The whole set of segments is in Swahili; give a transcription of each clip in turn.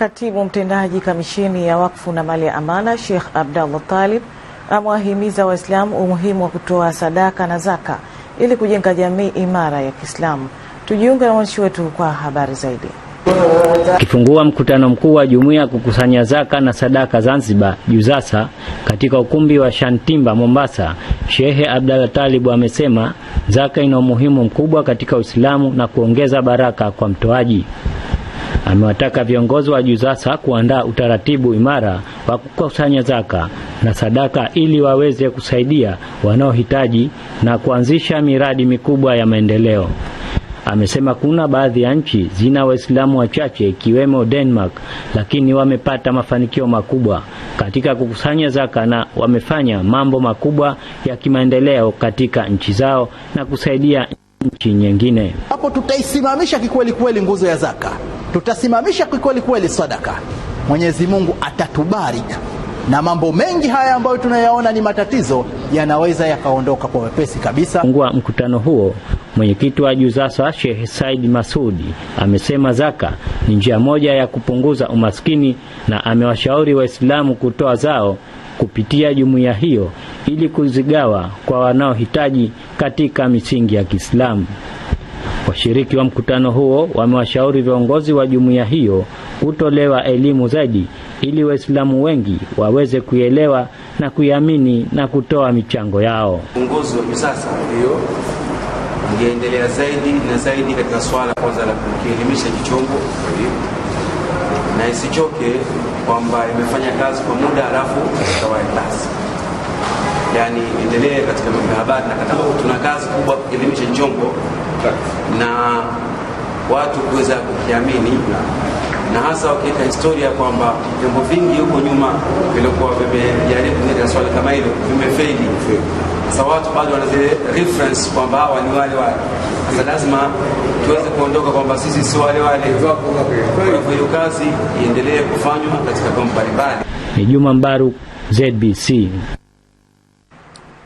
Katibu mtendaji kamisheni ya wakfu na mali ya amana Sheikh Abdallah Talib amewahimiza Waislamu umuhimu wa kutoa sadaka na zaka ili kujenga jamii imara ya Kiislamu. Tujiunge na mwandishi wetu kwa habari zaidi. Akifungua mkutano mkuu wa jumuiya ya kukusanya zaka na sadaka Zanzibar JUZASA katika ukumbi wa Shantimba Mombasa, Shehe Abdalla Talibu amesema zaka ina umuhimu mkubwa katika Uislamu na kuongeza baraka kwa mtoaji. Amewataka viongozi wa juu sasa kuandaa utaratibu imara wa kukusanya zaka na sadaka ili waweze kusaidia wanaohitaji na kuanzisha miradi mikubwa ya maendeleo. Amesema kuna baadhi ya nchi zina Waislamu wachache ikiwemo Denmark, lakini wamepata mafanikio makubwa katika kukusanya zaka na wamefanya mambo makubwa ya kimaendeleo katika nchi zao na kusaidia nchi nyingine. Hapo tutaisimamisha kikweli kweli nguzo ya zaka tutasimamisha kikweli kweli sadaka, Mwenyezi Mungu atatubariki na mambo mengi haya ambayo tunayaona ni matatizo yanaweza yakaondoka kwa wepesi kabisa. Fungua mkutano huo, mwenyekiti wa JUZASA Sheikh Said Masudi amesema zaka ni njia moja ya kupunguza umaskini na amewashauri Waislamu kutoa zao kupitia jumuiya hiyo ili kuzigawa kwa wanaohitaji katika misingi ya Kiislamu. Washiriki wa mkutano huo wamewashauri viongozi wa jumuiya hiyo kutolewa elimu zaidi ili Waislamu wengi waweze kuielewa na kuiamini na kutoa michango yao. Uongozi wa kisasa ndio ungeendelea zaidi na zaidi katika swala kwanza la kukielimisha kichongo, na isichoke kwamba imefanya kazi kwa muda halafu ikawae kazi yani, endelee katika mambo ya habari na tuna kazi kubwa kukielimisha kichongo na watu kuweza kukiamini na hasa wakiweka historia kwamba vyombo vingi huko nyuma vilikuwa vimejaribu kuleta swala kama hilo, vimefeli. Sasa watu bado wana zile reference kwamba hawa ni wale wale. Sasa lazima tuweze kuondoka kwamba sisi si wale wale. hiyo kazi iendelee kufanywa katika vyombo mbalimbali. Ni Juma Mbaru, ZBC.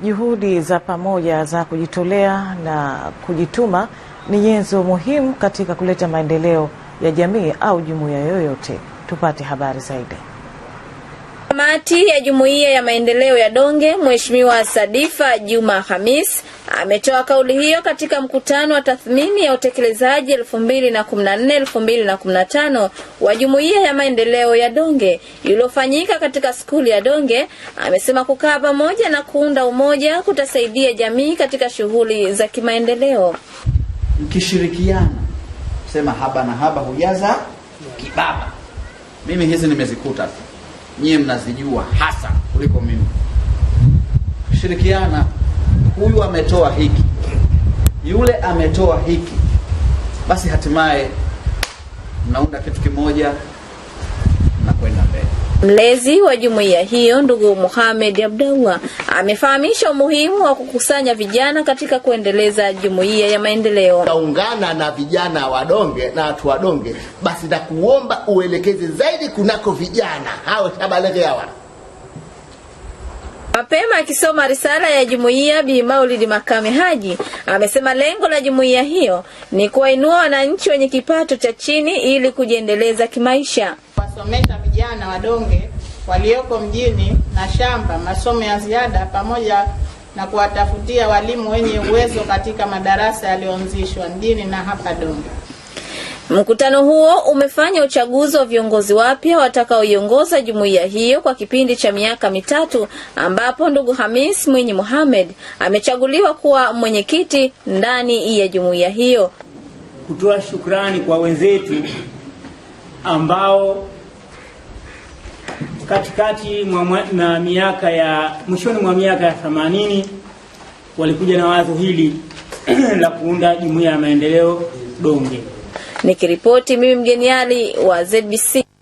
Juhudi za pamoja za kujitolea na kujituma ni nyenzo muhimu katika kuleta maendeleo ya jamii au jumuiya yoyote. Tupate habari zaidi. Kamati ya Jumuiya ya Maendeleo ya Donge, Mheshimiwa Sadifa Juma Hamis ametoa kauli hiyo katika mkutano wa tathmini ya utekelezaji 2014-2015 wa Jumuiya ya Maendeleo ya Donge iliyofanyika katika skuli ya Donge. Amesema kukaa pamoja na kuunda umoja kutasaidia jamii katika shughuli za kimaendeleo. Mkishirikiana sema haba na haba hujaza kibaba. Mimi hizi nimezikuta nyie mnazijua hasa kuliko mimi. Kushirikiana, huyu ametoa hiki, yule ametoa hiki, basi hatimaye mnaunda kitu kimoja na kwenda mbele. Mlezi wa jumuiya hiyo ndugu Mohamed Abdallah amefahamisha umuhimu wa kukusanya vijana katika kuendeleza jumuiya ya maendeleo. Naungana na vijana wadonge na watu wadonge, basi kuomba uelekeze zaidi kunako vijana hao hawa. Mapema akisoma risala ya jumuiya, Bi Maulidi Makame Haji amesema lengo la jumuiya hiyo ni kuwainua wananchi wenye kipato cha chini ili kujiendeleza kimaisha. Wasomesha na wadonge walioko mjini na shamba masomo ya ziada pamoja na kuwatafutia walimu wenye uwezo katika madarasa yaliyoanzishwa mjini na hapa Donge. Mkutano huo umefanya uchaguzi wa viongozi wapya watakaoiongoza jumuiya hiyo kwa kipindi cha miaka mitatu ambapo ndugu Hamis Mwinyi Mohamed amechaguliwa kuwa mwenyekiti ndani ya jumuiya hiyo. Kutoa shukrani kwa wenzetu ambao katikati na miaka ya mwishoni mwa miaka ya 80 walikuja na wazo hili la kuunda jumuiya ya maendeleo Donge. Nikiripoti mimi mgeniali wa ZBC.